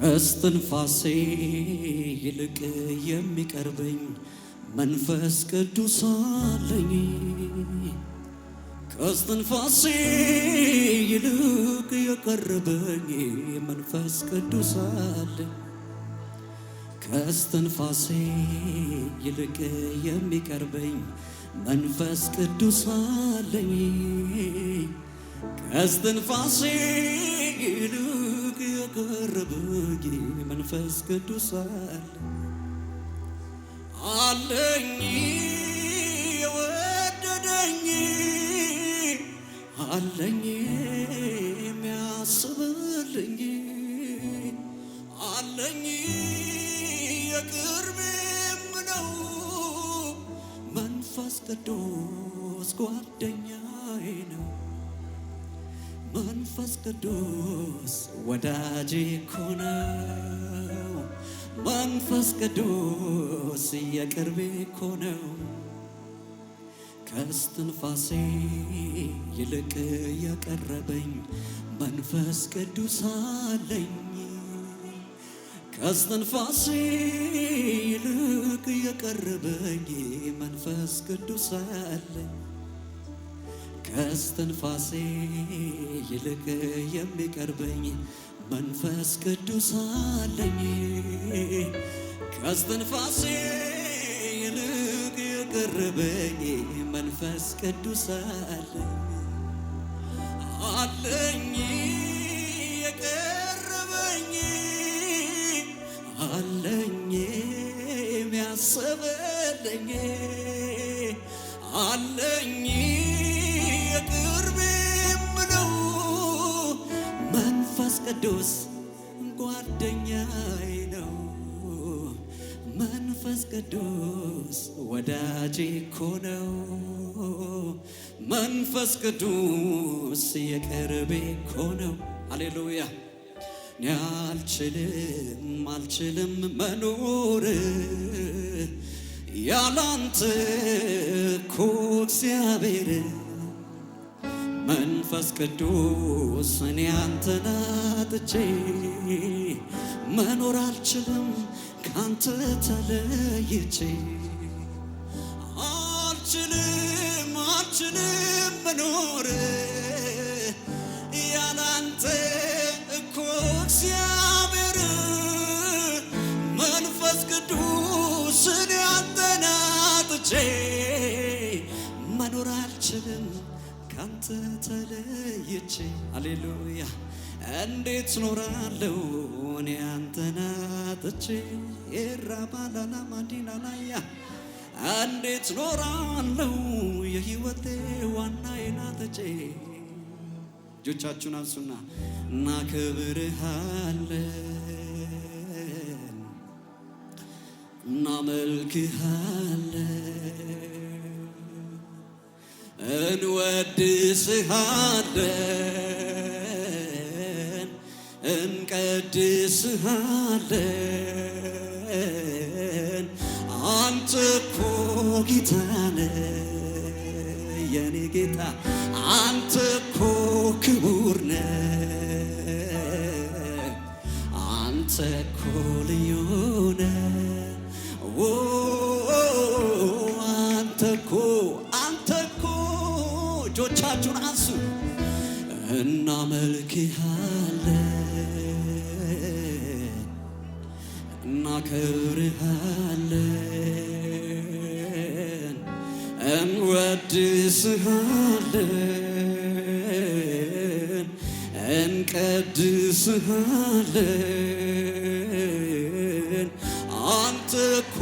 ከስትንፋሴ ይልቅ የሚቀርበኝ መንፈስ ቅዱስ አለኝ። ከስትንፋሴ ይልቅ የቀረበኝ መንፈስ ቅዱስ አለኝ። ከስትንፋሴ ይልቅ የሚቀርበኝ መንፈስ ቅዱስ አለኝ። ከስትንፋሴ ይልቅ የቀረበኝ መንፈስ ቅዱስ አለ አለኝ የወደደኝ አለኝ የሚያስብልኝ አለኝ የቅርቤም ነው መንፈስ ቅዱስ ጓደኛዬ ነው። መንፈስ ቅዱስ ወዳጅ እኮ ነው። መንፈስ ቅዱስ የቅርቤ እኮ ነው። ከስትንፋሴ ይልቅ የቀረበኝ መንፈስ ቅዱስ አለኝ። ከስትንፋሴ ይልቅ የቀረበኝ መንፈስ ቅዱስ አለኝ። ከስትንፋሴ ይልቅ የሚቀርበኝ መንፈስ ቅዱስ አለኝ። ከስትንፋሴ ይልቅ የቀረበኝ መንፈስ ቅዱስ አለኝ አለኝ የቀረበኝ አለኝ የሚያስበለኝ አለኝ ቅዱስ ጓደኛዬ ነው። መንፈስ ቅዱስ ወዳጄ እኮ ነው። መንፈስ ቅዱስ የቅርቤ እኮ ነው። አሌሉያ እኔ አልችልም አልችልም መኖር ያላንተ እኮ እግዚአብሔር መንፈስ ቅዱስ እኔ አንተን አጥቼ መኖር አልችልም ካንተ ተለይቼ አልችልም አልችልም መኖር ያላንተ እኮ እግዚአብሔር መንፈስ ቅዱስ እኔ አንተን አጥቼ መኖር አልችልም ካንተ ተለይቼ አሌሉያ እንዴት ኖራለው እኔ አንተን አጥቼ ኤራባላላ እንዴት ኖራለው የህይወቴ ዋና የናተጬ እጆቻችሁን አንሱና እናከብርሃለን እናመልክሃለን እንወድስሃለን እንቀድስሃለን አንተ እኮ ጌታነ የኔ ጌታ አንተ እኮ ክቡርነ አንተ እኮ ልዩነ እናመልክሃለን፣ እናከብርሃለን፣ እንወድስሃለን፣ እንቀድስሃለን። አንተ እኮ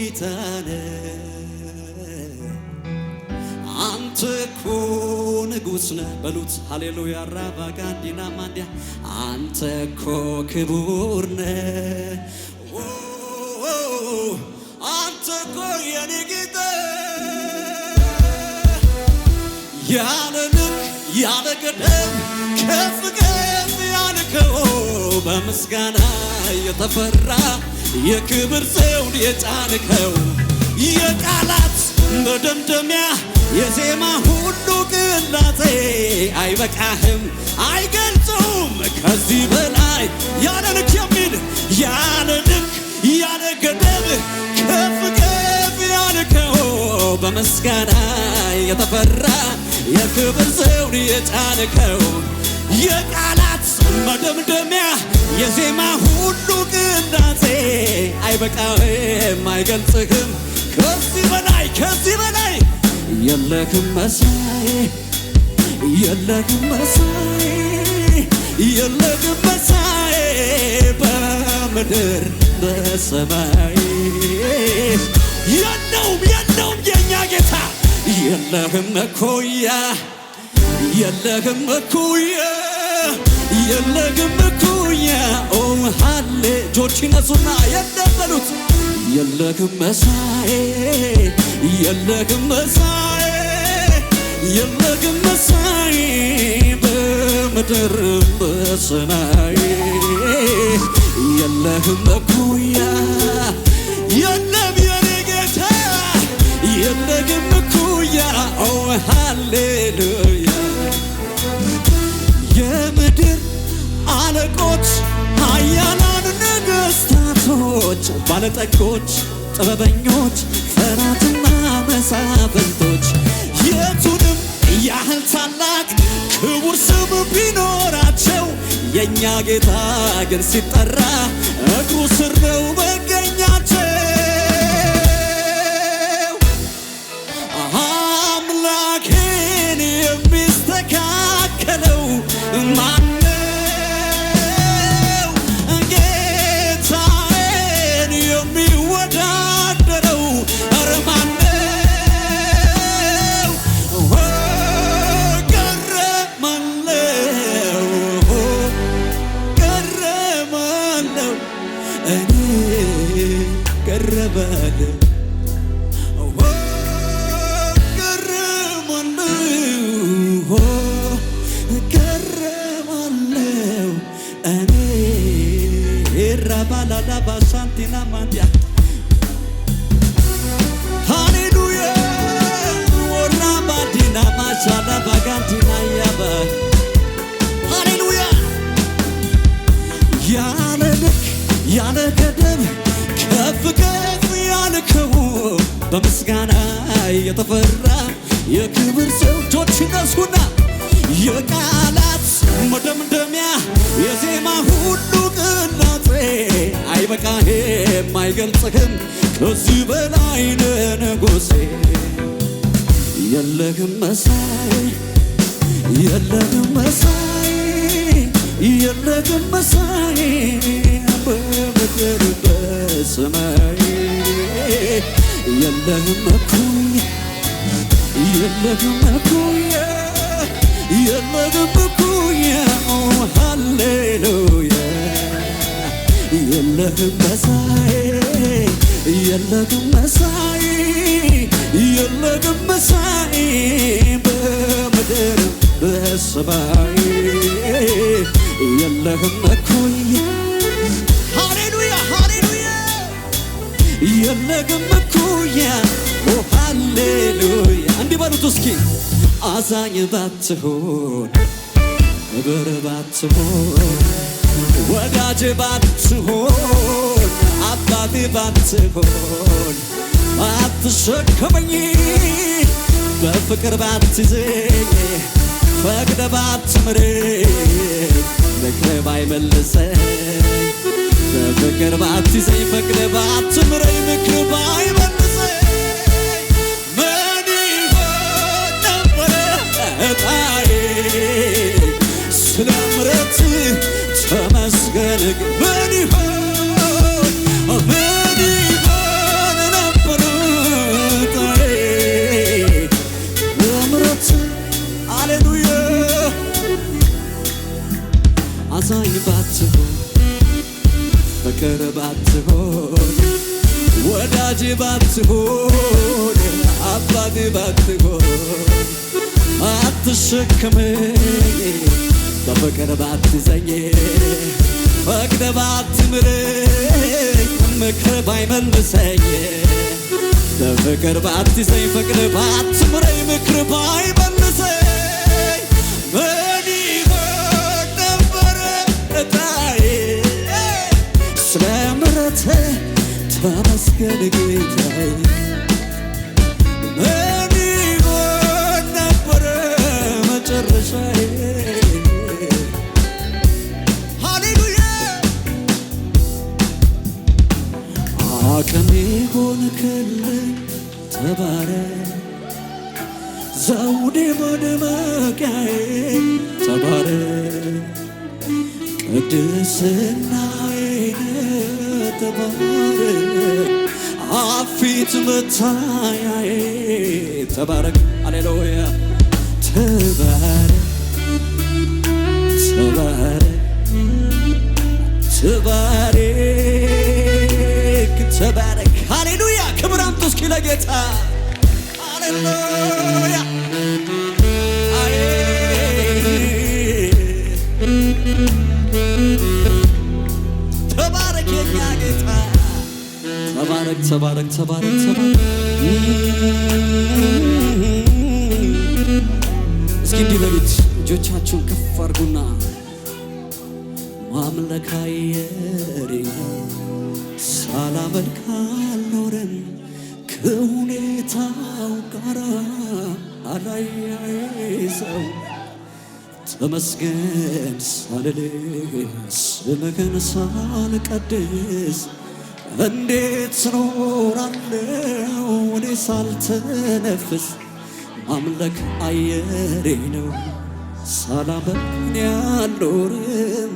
ጌታ ነህ፣ አንተ እኮ ንጉሥ ነህ በሉት ሃሌሉያ ራባ ዲና ማንዲያ አንተ ኮ ክቡር ነህ አንተ ኮ የኔ ጌታ ያለ ልክ ያለ ገደብ ከፍ ከፍ ያልከው በምስጋና የተፈራ የክብር ዘውድ የጫንከው የቃላት መደምደሚያ የዜማ ሁሉ ቅላጼ አይበቃህም፣ አይገልጽም ከዚህ በላይ ያለ ልክ የሚል ያለ ልክ ያለ ገደብ ከፍ ከፍ ያልከው በምስጋና የተፈራ የክብር ዘውድ የጫንከው የቃላት መደምደሚያ የዜማ ሁሉ ቅላጼ አይበቃህም፣ አይገልጽህም ከዚህ በላይ ከዚህ በላይ የለክም መሳይ የለክም መሳይ የለክም መሳዬ በምድር በሰማይ የለውም የለውም የኛ ጌታ የለህም እኩያ የለህም እኩያ የለህም እኩያ ኦ ሃሌ እጆችን ነሱና የለም የለህም መሳዬ የለክም መሳዬ የለክም መሳዬ በምድር በሰማይ የለህም መኩያ የለም የኔ ጌታ የለህም መኩያ ኦ ሃሌሉያ የምድር አለቆች፣ ኃያላን ነገሥታቶች፣ ባለጠጎች፣ ጥበበኞች፣ ፈራትና መሳፍንቶች የቱንም ያህል ታላቅ ክቡር ስም ቢኖራቸው የእኛ ጌታ ግን ሲጠራ እግሩ ስር ነው መገ የሚወዳደረው ኧረ ማነው? ቀረ እኔ ቀረ ባለው ባላላባ ሳንቲና ማን ጋንቲና ሃሌሉያ ያለ ልክ ያለ ገደብ ከፍ ከፍ ያልከው በምስጋና የተፈራ የክብር ሰው እጆች ነሱና የቃላት መደምደሚያ የዜማ ሁሉ ቅላጼ አይበቃሄ አይገልጽህም ከዚህ በላይ ነህ ንጉሴ የለህም መሳይ የለንም መሳይ የለንም መሳይ በምድር በሰማይ የለንም እኩይ የለንም እኩይ የለንም እኩይ ሃሌሉያ የለንም መሳይ የለንም መሳይ የለንም መሳይ በሰማይ የለህም እኩይ ሃሌሉያ ሃሌሉያ የለህም እኩያ ሃሌሉያ እንዲህ በሉት እስኪ አዛኝ ባትሆን ክብር ባትሆን ወዳጅ ባትሆን አባቴ ባትሆን አትሸከመኝ በፍቅር ባትይዘኝ ፈቅደ ባትምር ምክር ባይመልሰ በፍቅር ባትይዘኝ ፈቅደ ባትምር ምክር ባይመልሰ ምን ይሆን ነበረ እጣዬ ፍቅር ባትሆን ወዳጅ ባትሆን አባቴ ባትሆን አትሸክመኝ በፍቅር ባትዘኝ ፈቅደ ባትምረኝ ምክር ባይመልሰኝ በፍቅር ባትዘኝ ፈቅደ ባትምረኝ ምክር ባይመልሰኝ በመስገን ጌታዬ ምን ይሆን ነበረ መጨረሻዬ? ሃሌሉያ አቅሜ ሆንክልኝ ተባረክ ዘውዴ መደመቂያዬ ተባረ ቅድስና ተባረክ አፊት መታያዬ ተባረክ አሌሉያ ተባረክ ተባረክ ተባረክ ተባረክ ክብር አምጡ እስኪ ለጌታ ተባረክ፣ ተባረክ፣ ተባረክ። እስኪ እንዲህ በሉት እጆቻችሁን ከፍ አድርጉና ማምለካየሬ ሳላመልክ አልኖርም ከሁኔታው ጋር አላያይዘው ተመስገን ሳልል ስምህን ሳልቀድስ እንዴት እኖራለሁ እኔ ሳልተነፍስ ማምለክ አየሬ ነው። ሳላመን ያልኖርም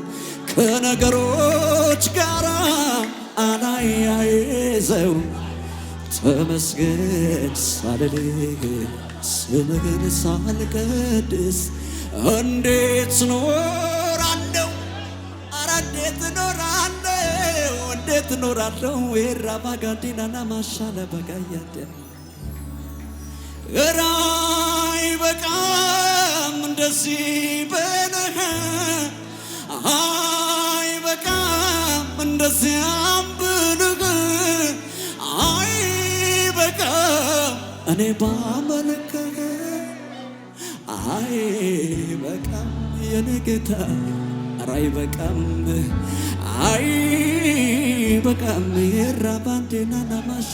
ከነገሮች ጋር አላያይዘው ተመስገን ሳልል ስምህን ሳልቀድስ እንዴት ኖ ውስጥ እኖራለሁ። ራባ ጋዲናና ማሻለ በጋያደ ራይ በቃም እንደዚህ በነህ አይ በቃም እንደዚህ አንብልህ አይ በቃም እኔ ባመልክህ አይ በቃም የኔ ጌታ ራይ በቃም አይ በቃ ምራ ባንዴና ናማሻ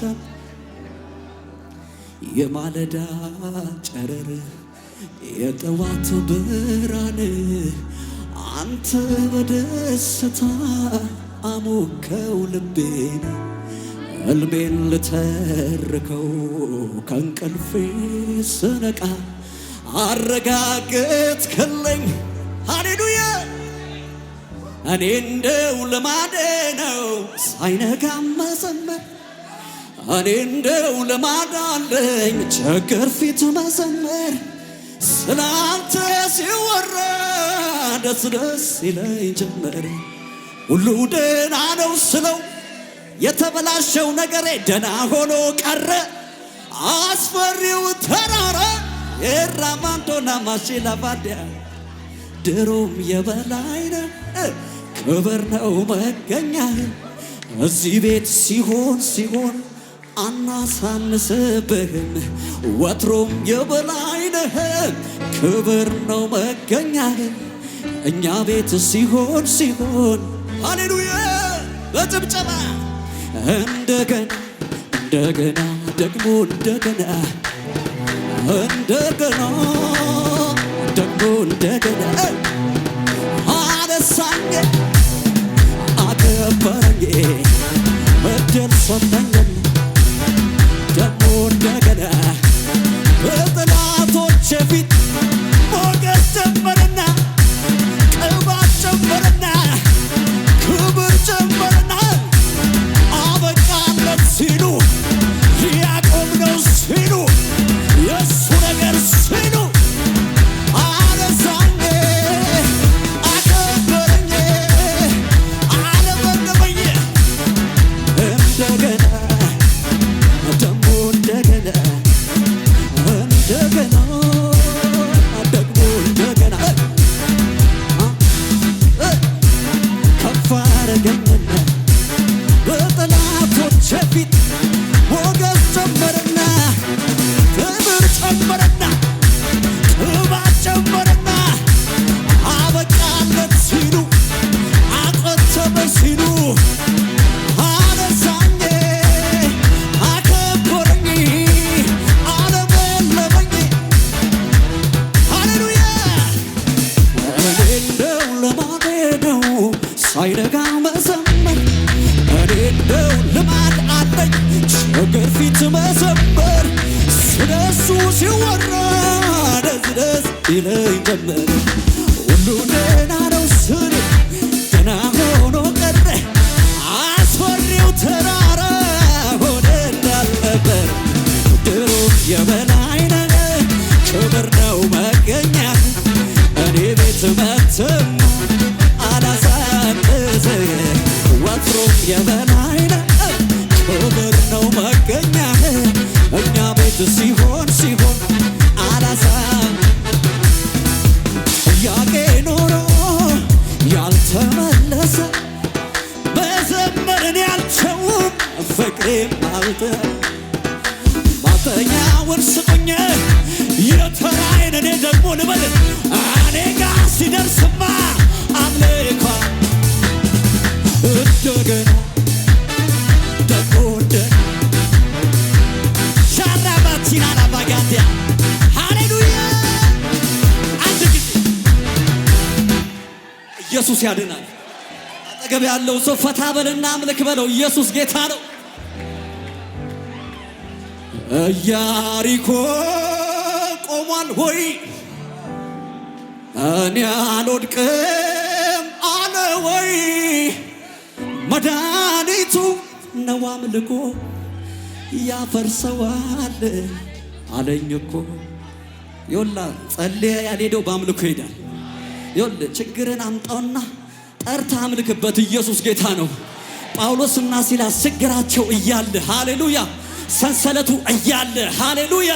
የማለዳ ጨረር የጠዋት ብራን አንተ በደስታ አሞከው ልቤን እልቤን ልተርከው ከእንቅልፌ ስነቃ አረጋገጥክልኝ ሃሌሉያ እኔ እንደው ልማዴ ነው ሳይነጋም መዘመር እኔ እንደው ልማድ አለኝ ችግር ፊት መዘመር ስላንተ ሲወራ ደስ ደስ ይለኝ ጀመር ሁሉ ደና ነው ስለው የተበላሸው ነገሬ ደና ሆኖ ቀረ አስፈሪው ተራራ የራማንቶና ማሽላ ባዲያ ድሮም የበላይ ነው ክብር ነው መገኛ እዚህ ቤት ሲሆን ሲሆን አናሳንስብህም ወትሮም የበላይ ነህ ክብር ነው መገኛ እኛ ቤት ሲሆን ሲሆን ሃሌሉያ በጭብጨባ እንደገና እንደገና ደግሞ እንደገና እንደገና ደግሞ እንደገና በደል ሰማኝ ደግሞ እንደገና አላሳቅስ ወትሮም የበላ ኢየሱስ ያድናል። አጠገብ ያለው ሰው ፈታ በልና አምልክ በለው። ኢየሱስ ጌታ ነው። ኢያሪኮ ቆሟል ሆይ እኔ አልወድቅም አለ ወይ መድኃኒቱ ነው አምልኮ ያፈርሰዋል አለኝ እኮ ዮላ ጸልየ ያልሄደው በአምልኮ ይሄዳል። ይኸውልህ ችግርን አምጣውና ጠርታ አምልክበት። ኢየሱስ ጌታ ነው። ጳውሎስና ሲላስ ችግራቸው እያለ ሃሌሉያ፣ ሰንሰለቱ እያለ ሃሌሉያ፣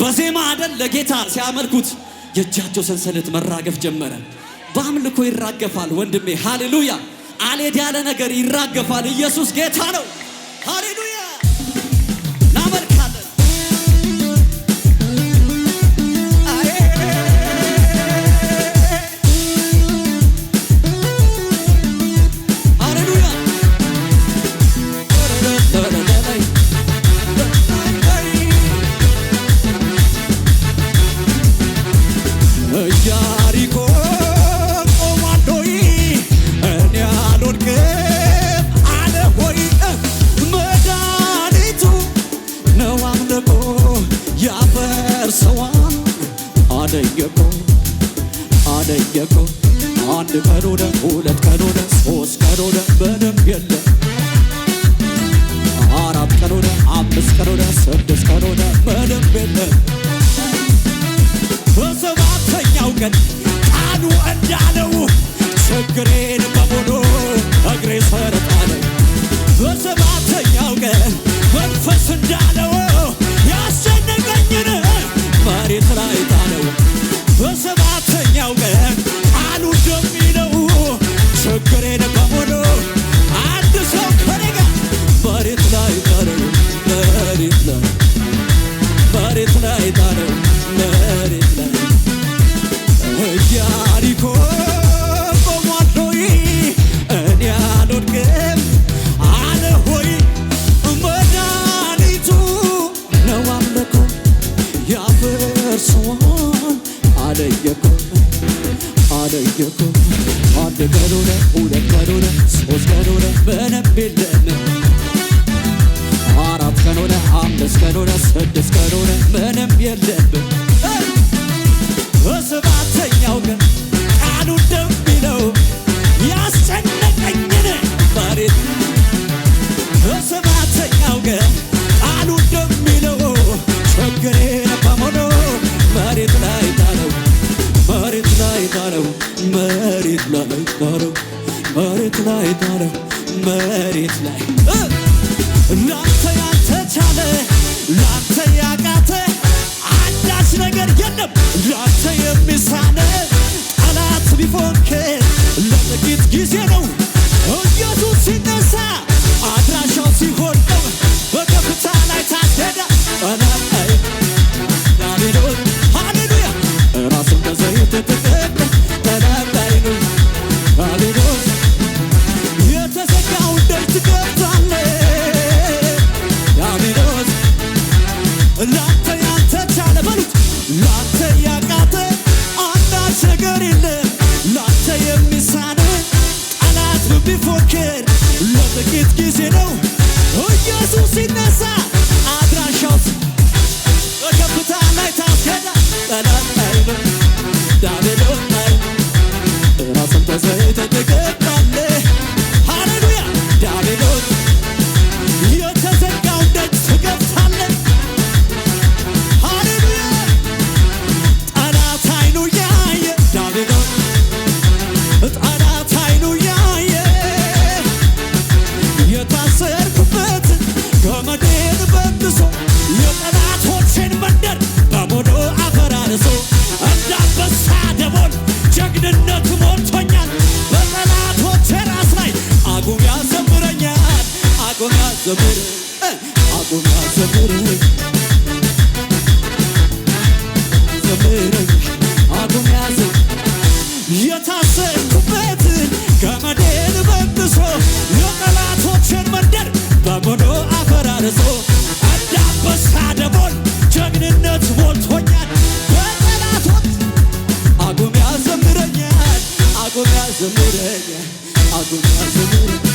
በዜማ አደል ለጌታ ሲያመልኩት የእጃቸው ሰንሰለት መራገፍ ጀመረ። በአምልኮ ይራገፋል ወንድሜ፣ ሃሌሉያ። አልሄድ ያለ ነገር ይራገፋል። ኢየሱስ ጌታ ነው። ሃሌሉያ በኢያሪኮ ቆሟል ሆይ እኔ አልወድቅም አለ አንድ ቀን ሁለት መንገድ ቃሉ እንዳለው ችግሬን በሙሉ እግሬ በሰባተኛው ቀን መንፈስ እንዳለ ካልሆነ ስድስት ካልሆነ ምንም የለብን። በሰባተኛው ግን ቃሉ እንደሚለው ያስጨነቀኝን መሬት በሰባተኛው ግን ቃሉ እንደሚለው ችግሬን በሙሉ መሬት ላይ ጣለው፣ መሬት ላይ ጣለው፣ መሬት ላይ ጣለው፣ መሬት ላይ ጣለው፣ መሬት ላይ እናንተ ያልተቻለ የለም ላንተ የሚሳነ ጠላት ቢፎክር ለጥቂት ጊዜ ነው የታሰርኩበትን ገመዴን በጥሶ የጠላቶችን መንደር በሞዶ አፈራርሶ እንደ አንበሳ ደቦል ጀግንነት ሞልቶኛል። በጠላቶች አቁም ያዘምረኛል፣ አቁም ያዘምረኛል፣ አቁም ያዘምረኛል